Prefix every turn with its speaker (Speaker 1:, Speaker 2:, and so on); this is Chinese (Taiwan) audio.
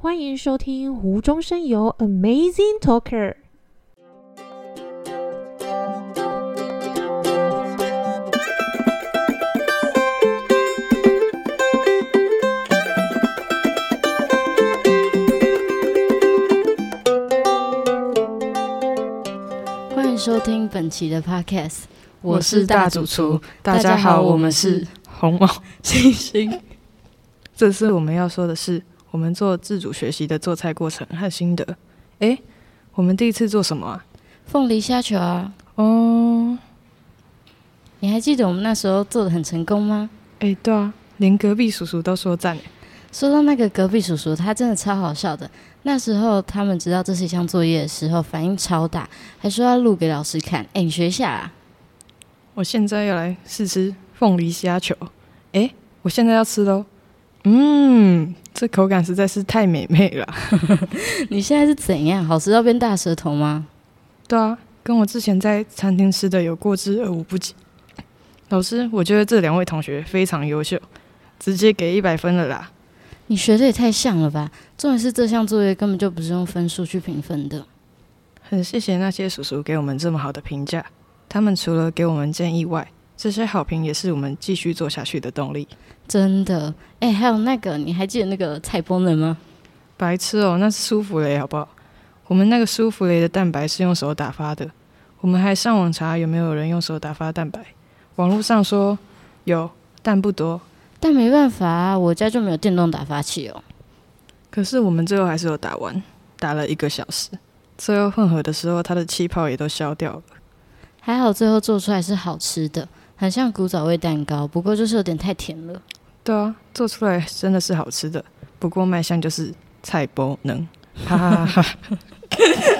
Speaker 1: 歡迎收聽、er《無中生有》，Amazing Talker。
Speaker 2: 歡迎收聽本期的 Podcast，我是大主廚。大家好，我們是紅毛 猩猩。這次我們要說的是。
Speaker 1: 我們做自主學習的做菜過程和心得。哎、欸，我們第一次做什麼
Speaker 2: 啊？鳳梨蝦球啊。哦、oh，你還記得我們那時候做的很成功嗎？哎、欸，對啊，連隔壁叔叔都說讚、欸。說到那個隔壁叔叔，他真的超好笑的。那時候他們知道這是一項作業的時候，反應超大，還說要錄給老師看。哎、欸，你學一下啦。我現在要來試吃鳳梨蝦球。哎、欸，我現在要吃嘍。嗯，這口感實在是太美味了。 你現在是怎樣？好吃到變大舌頭嗎？
Speaker 1: 對啊，跟我之前在餐廳吃的有過之而無不及。老師，我覺得這兩位同學非常優秀，直接給一百分了啦。
Speaker 2: 你學的也太像了吧？重點是這項作業根本就不是用分數去評分的。很謝
Speaker 1: 謝那些叔叔給我們這麼好的評價，他們除了給我們建議外，這些好評也是我們繼續做下去的動力。
Speaker 2: 真的，哎、欸，還有那個，你還
Speaker 1: 記得那個彩蜂人嗎？白痴哦、喔，那是舒芙蕾，好不好？我們那個舒芙蕾的蛋白是用手打發的。我們還上網查有沒有人用手打發蛋白，網絡上說
Speaker 2: 有，但不多。但沒辦法啊，我家就沒有電動打發器哦、喔。
Speaker 1: 可是我們最後還是有打完，打了一個小時。最後混合的時候，它的氣泡也都消掉了。
Speaker 2: 還好，最後做出來是好吃的。很像古早味蛋糕，不過就是有點太甜了。對啊，做出來真的是好吃的，不過
Speaker 1: 賣相就是菜包能，哈哈哈哈。